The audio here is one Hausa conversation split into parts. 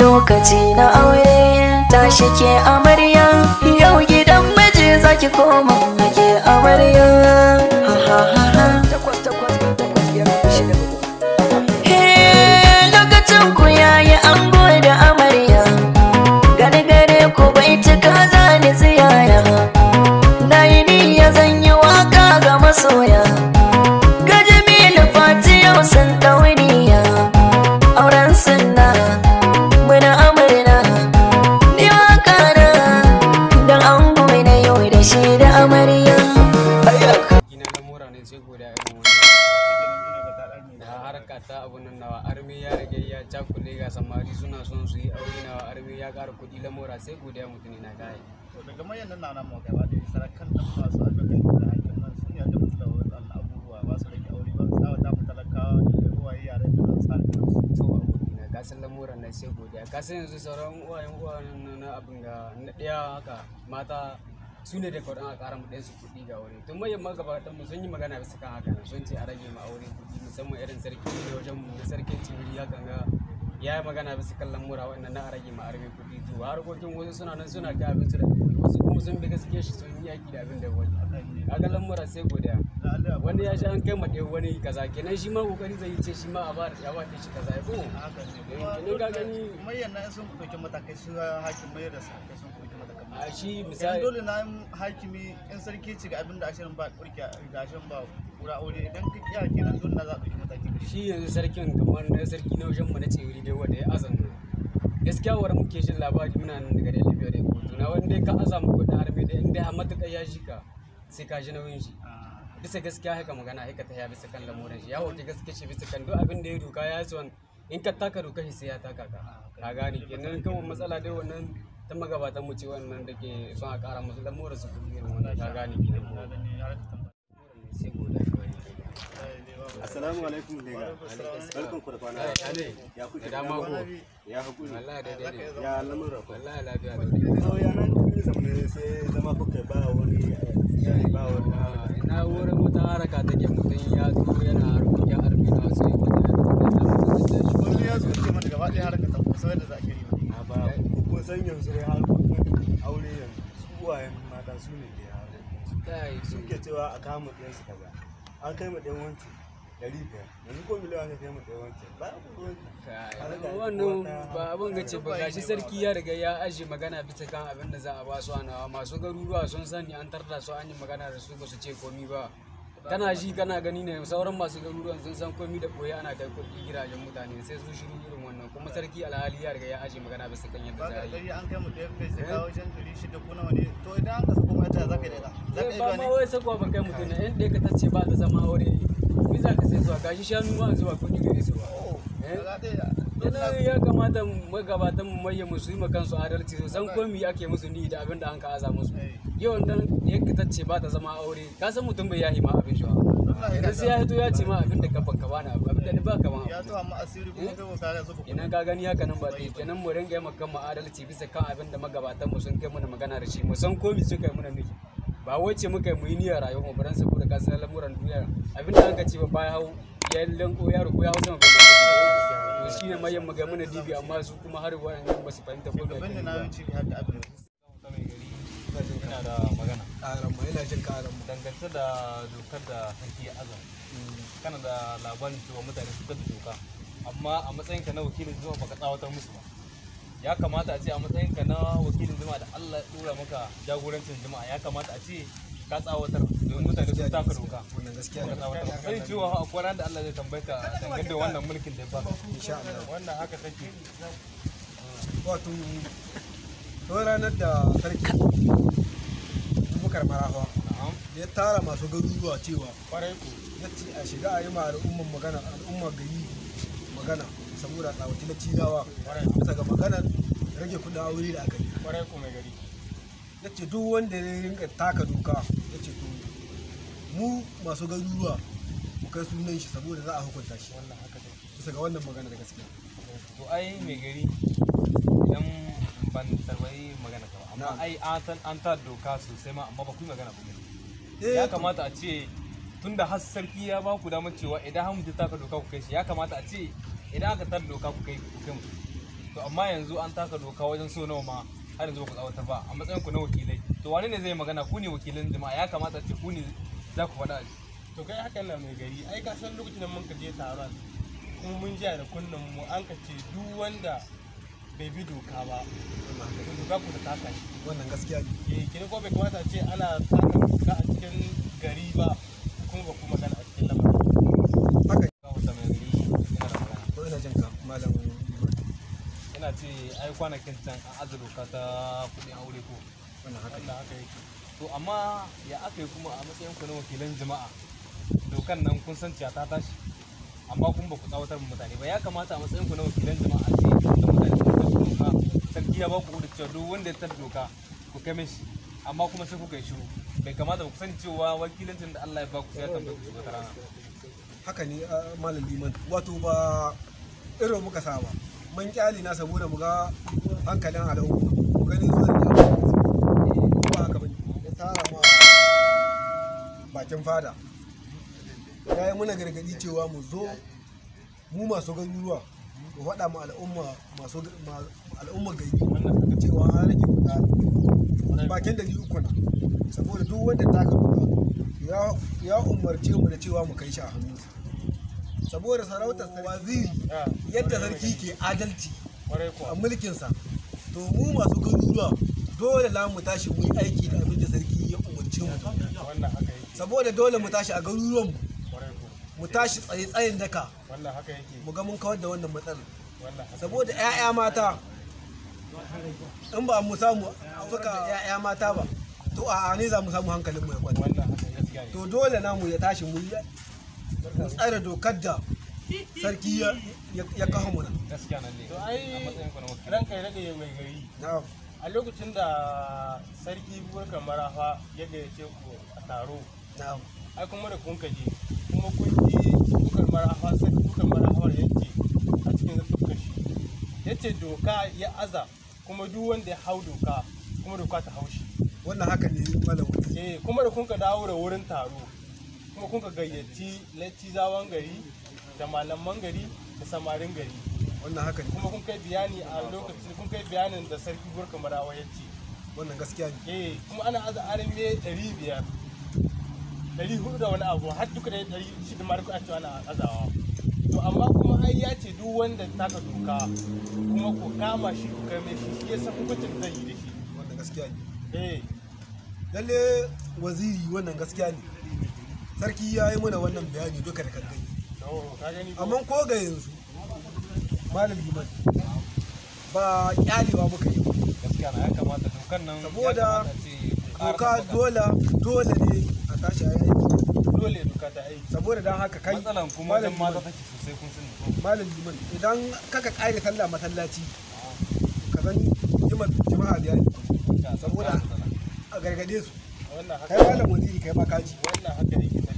lokaci na aure ta shike amarya yau gidan miji zaki koma nake amarya guda mutune na gaya to daga mayan nan na mu gaba da sarakan dan masu a da hakan nan sun yarda da wannan abubuwa ba su aure ba ta da yaran da su na lamuran nan sai godiya yanzu sauran uwayen uwayen na abin da na daya haka mata su ne da a ƙara mu kuɗi ga aure tun mayan magabatanmu sun yi magana bisa kan haka sun ce a rage ma aure kuɗi musamman irin sarki ne wajen mu na sarkin ya yi magana bisa kallon mura wannan na rage ma arabe kuɗi to harkokin wasu suna nan suna ta abinci da wasu kuma sun bi gaske shi sun yi yaki da abin da wani a kallon mura sai godiya wani ya sha an kai ma ɗaya wani kaza kenan shi ma kokari zai yi ce shi ma a ba da shawa ɗin shi kaza ya ko ne ga gani mayan na sun ɗauki matakai su hakim mai da sakai sun ɗauki matakai a shi misali dole na hakimi in sarki ci ga abin da ashirin ba kurki ga ashirin ba kura aure idan ka kiya kenan don na za su mataki shi yanzu sarkin kamar na sarki na wajen mu na cewiri dai wanda ya azan gaskiya war muke jin labari muna nan daga Libya da Kotu na wanda ka aza mu kudin arme da inda a matuƙa ya shi ka sai ka ji nauyin shi bisa gaskiya haka magana haka ta ya bisa kan lamuran shi ya hoke gaskiya shi bisa kan duk abin da ya duka, ya son in ka taka duka shi sai ya taka ka ka gane kenan kan matsala dai wannan ta magabatan mu ce wannan da ke son a ƙara musu lamuran su kuma irin wannan ka gane kenan sai gobe assalamu alaikum ne barkan ku da kwana ya kuke da mako ya hakuri wallahi daidai ne ya lamura wallahi lafiya da so ya nan kuma sai zama kuka ba wani eh, ya ba wani ah, ina wurin wata haraka take mutum ya zo yana harkokin arbina sai wani ya zo ke daga gaba ɗaya haraka ta kusa yadda za a ba kun san yanzu dai harkokin aure yanzu su wayan mata su ne da ya suke cewa a kama ɗayansu kaza an kai ma ɗayan ɗari biyar yanzu ko miliyan ba ga ce ba gashi sarki ya riga ya aje magana bisa kan abin da za a ba su anawa masu garuruwa sun sani an tarda su an yi magana da su ba su ce komi ba kana ji kana gani ne sauran masu garuruwan sun san komi da koyi ana kai kuɗi gidajen mutane sai su shiru irin wannan kuma sarki alhali ya riga ya aje magana bisa kan yadda za a yi an kai mu ɗaya kai eh? sai kawo shan ɗari shida ko nawa ne to idan an ka sako mata za ka yi da za ka eh, yi ba ma wai sako kai mutum na yan ɗaya ka tace ba ta zama aure zuwa gashi shanu ba zuwa kuɗi gare su ba oh, eh? yana ya kamata magabatan mu maye musu yi kansu adalci su san komi ake musu ni da abin da an ka aza musu eh. yau dan ya kitacce ba ta zama aure ka san mutum bai yahi ma abin shi ba idan sai ya hito ya ce ma abin da ka banka bana abin da ni baka ma ya to amma asiri kuma eh? kai ba kare su ina ka gani haka nan ba dai kenan mu ringa yi mu adalci bisa kan abin da magabatan mu sun kai mana magana da shi mu san komi suka yi mana miki ba wai ce muka mu yi niyyar rayuwa ba dan saboda ka san lamuran duniya abin da an ce ba bai hau ya lanko yaro ko ya hau sama ba to ne mayan maga mana dibi amma su kuma har wa'annan ba su fahimta ko da abin da na wuce har da abin ina da magana ƙaran mu ina jin ƙaran dangance da dokar da sarki azan mm. kana da labarin cewa mutane su da doka amma a matsayinka na wakilin zuwa baka tsawatar musu ba ya kamata a ce a matsayin ka na wakilin jama'a da Allah ya dora maka jagorancin jama'a ya kamata a ce ka tsawatar domin mutane sun taka doka sai ha akwai ran da Allah zai tambaita dangane da wannan mulkin da ba insha Allah wannan haka take wato to ranar da sarki Abubakar Marafa ya tara masu garuruwa cewa kwarai ko ya ce a shiga a yi ma al'ummar magana al'ummar gari magana saboda tsawaci na cizawa bisa ga maganar rage kudin aure da aka yi ya ce duk wanda ya rinka taka doka ya ce to mu masu garuruwa mu kai sunan shi saboda za a hukunta shi bisa ga wannan magana da gaskiya to ai mai gari idan ban tarbari magana ka amma ai an ta doka sosai ma amma ba ku magana ba eh, ya kamata a ce tunda har sarki ya ba ku damar cewa idan hamdu ta ka doka ku kai shi ya kamata a ce idan aka tar doka ku kai hukum to amma yanzu an taka doka wajen so nawa ma har yanzu ku tsawata ba a matsayin ku na wakilai to wani ne zai magana ku ne wakilin jama'a ya kamata ce ku ne za ku faɗa to kai hakan na mai gari ai ka san lokacin da mun ka je taron kuma mun jiya da kunnen mu an ka ce duk wanda bai bi doka ba doka ku ta taka shi wannan gaskiya ne eh, ke ko bai kamata ce ana taka doka a cikin gari ba kuma ba kuma malam ina ce ai kwanakin can an azurka ta kuɗi aure ko wannan haka haka yake to amma ya aka yi kuma a matsayin ku na wakilan jama'a dokan nan kun san ta tashi amma kun ba ku tsawatar mutane ba ya kamata a matsayin ku na wakilan jama'a ce da mutane ku ta doka sarki ya ba ku da cewa duk wanda ya tar doka ku kai mishi amma kuma sai kuka yi shiru bai kamata ku sani cewa wakilancin da Allah ya ba ku sai ya tambaye ku wata rana haka ne malam liman wato ba irin muka saba mun kyali na saboda mu ga hankalin al'umma mu ganin zuwa da ba haka bane ya tara ma bakin fada ya yi muna gargadi cewa mu zo mu masu garuruwa mu faɗa mu al'umma masu al'umma gari cewa an rage kuɗa bakin da uku kuna saboda duk wanda ta kafa ya umarce mu da cewa mu kai shi a hannunsa saboda sarautar waziri ah. yadda sarki ke adalci a mulkinsa to mu masu garuruwa dole la mu tashi mu yi aiki da abin da sarki ya umarci mu saboda dole mu tashi a garuruwan mu mu tashi tsaye tsayin daka mu ga mun kawar da wannan matsalar saboda 'ya'ya mata in ba mu samu suka 'ya'ya mata ba to a ne za mu samu hankalin mu ya kwanta to dole namu ya tashi mu yi tsara dokar da sarki ya kawo muna gaskiya nan ne to ai ranka ya dade mai gari a lokacin da sarki burkan marafa ya gayyace ku a taro ai kuma da kun kaje kuma kun ji burkan marafa sarki burkan marafa ya ce a cikin dukkan shi yace doka ya aza kuma duk wanda ya hau doka kuma doka ta haushi wannan haka ne malamu. eh kuma da kun ka dawo da wurin taro kuma kun ka gayyaci laccizawan gari da malaman gari da samarin gari wannan haka ne kuma kun kai bayani a lokacin kun kai bayanin da sarki gurka marawa ya ce wannan gaskiya ne eh kuma ana aza arme 500 400 da wani abu har duka da 600 da duka a cewa ana azawa to amma kuma ai ya ce duk wanda ta ka doka kuma ko kama shi ko kame shi shi ya san hukuncin zai yi da shi wannan gaskiya ne eh lalle waziri wannan gaskiya ne sarki ya yi mana wannan bayani duka da kan oh, gani amma ko ga yanzu malam liman ba kyalewa muka yi saboda doka dole dole ne a tashi ayi dole doka ta aiki saboda dan haka kai matsalan kuma dan mata take sosai kun sani malam liman idan kaka kare sallah masallaci ka zan liman jama'a da yayi saboda a gargade su kai malam waziri kai ma kaji wannan haka ne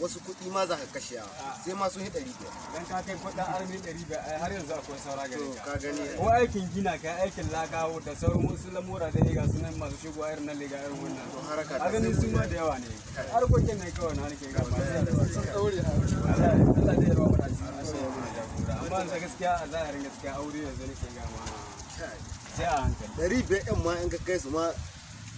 wasu kuɗi ma za ka kashe sai ma sun yi ɗari biyar. Dan ka kai kuɗin armi ɗari biyar har yanzu akwai saura gare ka. gani. Ko aikin gina ka aikin laka da sauran wasu lamura da ga sunan masu shigo irin na liga irin wannan. To haraka da. A ganin su ma da yawa ne. Harkokin ne kawai na nake gaba. Sun ɗaure a wuce. Allah da yarwa mana cikin Allah ya mana jagora. Amma yanzu gaskiya a zahirin gaskiya aure yanzu nake gama. Sai a hankali. Ɗari biyar ɗin ma in ka kai su ma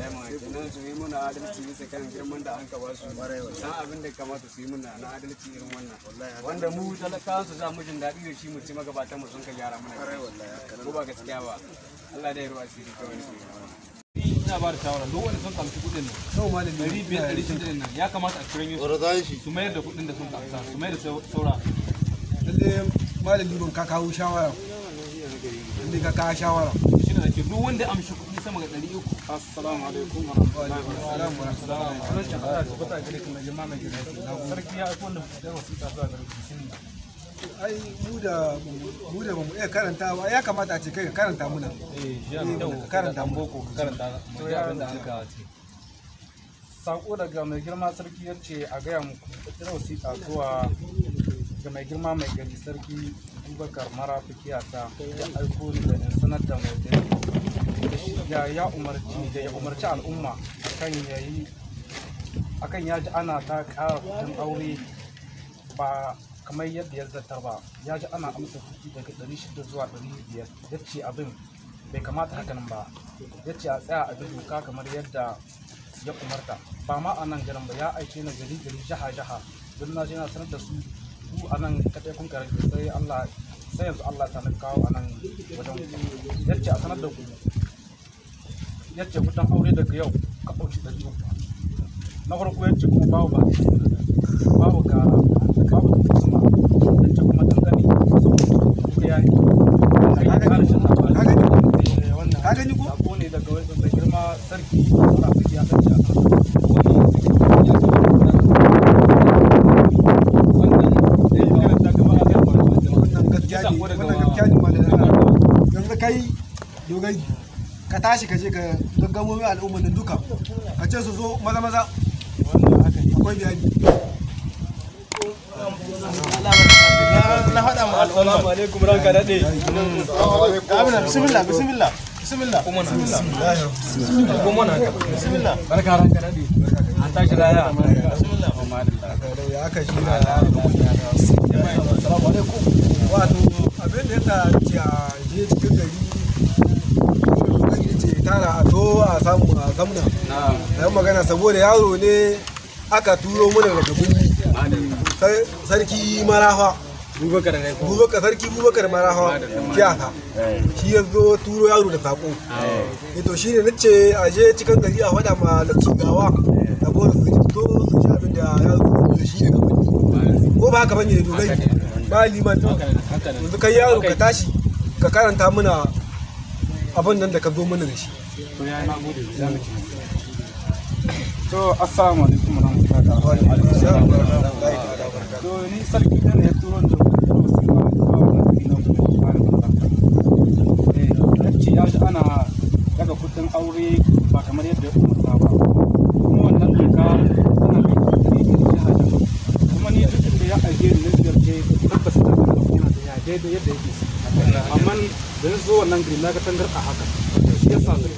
kenan su yi muna adalci bisa kan girman da an ka basu san abin da kamata su yi muna na adalci irin wannan wanda mu talakawan su za mu jin daɗi da shi mu ci magabatan mu sun ka gyara mana ko ba gaskiya ba Allah da ya ruwa asiri kawai ina ba da shawara duk wanda sun kamci kudin nan sau malami ɗari da ɗari shida ɗin nan ya kamata a kiran yau su mayar da kudin da sun kamsa su mayar da saura lalle malami ban ka kawo shawara lalle ka kawo shawara ke duk wanda amshi kuɗi sama ga ɗari uku assalamu alaikum wa rahmatullahi wa barakatuh ai mu da mu da bamu iya karanta ba ya kamata a ce kai ka karanta muna eh ka karanta mu boko ka karanta mu ya abin da aka ce sako daga mai girma sarki ya ce a gaya muku ita wasiƙa zuwa ga mai girma mai gari sarki abubakar marafiki a ta ya aiko ni da in sanar da mai da ya umarci da ya umarci al'umma akan yayi akan ya ji ana ta ƙara kudin aure ba kamar yadda ya zartar ba ya ji ana amsa kuɗi daga 600 zuwa 500 ya ce abin bai kamata hakanan ba ya ce a tsaya a doka kamar yadda ya umarta ba ma a nan garin ba ya aike na gari gari jaha jaha don na je na sanar da su ku a nan kaɗai kun sai Allah sai yanzu Allah ta kawo a nan wajen yacce a sanar da ku yacce aure daga yau ka ɗauki ɗari uku na farko yacce kuma babu ba babu gara rai ka tashi ka je ka gaggamo mai al'ummar nan duka ka ce su zo maza maza akwai bayani na haɗa ma al'umma assalamu alaikum ranka daɗe bismillah bismillah bismillah bismillah bismillah barka ranka daɗe an tashi raya bismillah ya da assalamu alaikum wato abin da ya ta je cikin gari tara a to a samu a zamna a yi magana saboda yaro ne aka turo mana daga gumi sarki marafa bubakar sarki bubakar marafa kiyata eh. shi ya zo turo yaro da sako ito eh. eh, shi ne nace a je cikin gari a faɗa ma lafcin gawa saboda su to su sha abin da yaro da shi daga gumi ko ba haka bane dorai ba liman yanzu kai yaro ka tashi ka karanta mana abin nan da ka zo mana da shi to assalamu alaikum daga aure yake amma da zo wannan na ga tangar a haka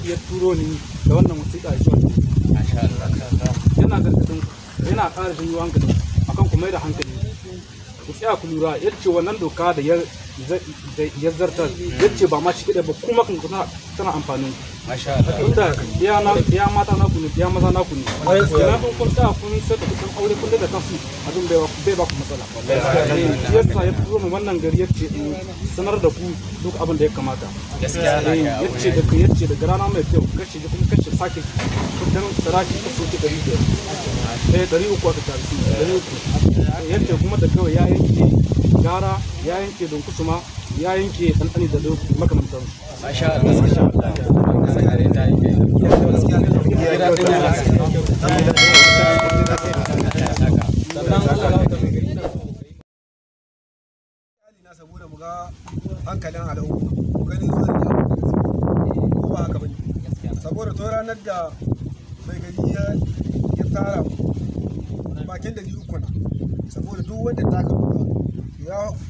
ya turo ni da wannan wasiƙa ya shi yana gargadin yana ƙara jin yawan gani akan ku mai da hankali ku tsaya ku lura ya ce wannan doka da ya zartar ya ce ba ma shi ba kuma kan kuna tana amfani. inda ya mata na kunu ya maza na kunu kenan kun kun tsaya kun sai da kusan aure kun da kansu abin bai bai ba ku matsala eh, shi yasa ya fito mu wannan gari ya ce eh, sanar da ku duk abin da ya kamata ya eh, ce da ku ya ce da rana mai kyau kace kuma kace sake kudin saraki kaso ki 500 eh ɗari uku aka tare su ɗari uku yanke kuma da kawai ya yanke gara ya yanke don kusuma ya yanke ɗanɗani da makamantan masha Allah masha saboda mu ga hankalin ganin zuwa da ba haka bane saboda to ranar da mai gari tara bakin dari uku na saboda duk wanda ta ka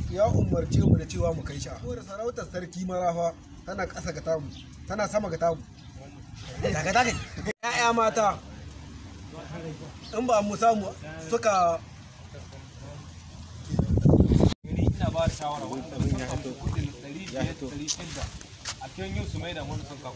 ya umarce mu da cewa mu kai sha saboda sarautar sarki marafa tana ƙasa ga tamu tana sama ga tamu ya'ya mata in ba mu samu suka ba da shawara wani ya hito a kyan yin mai da wani sun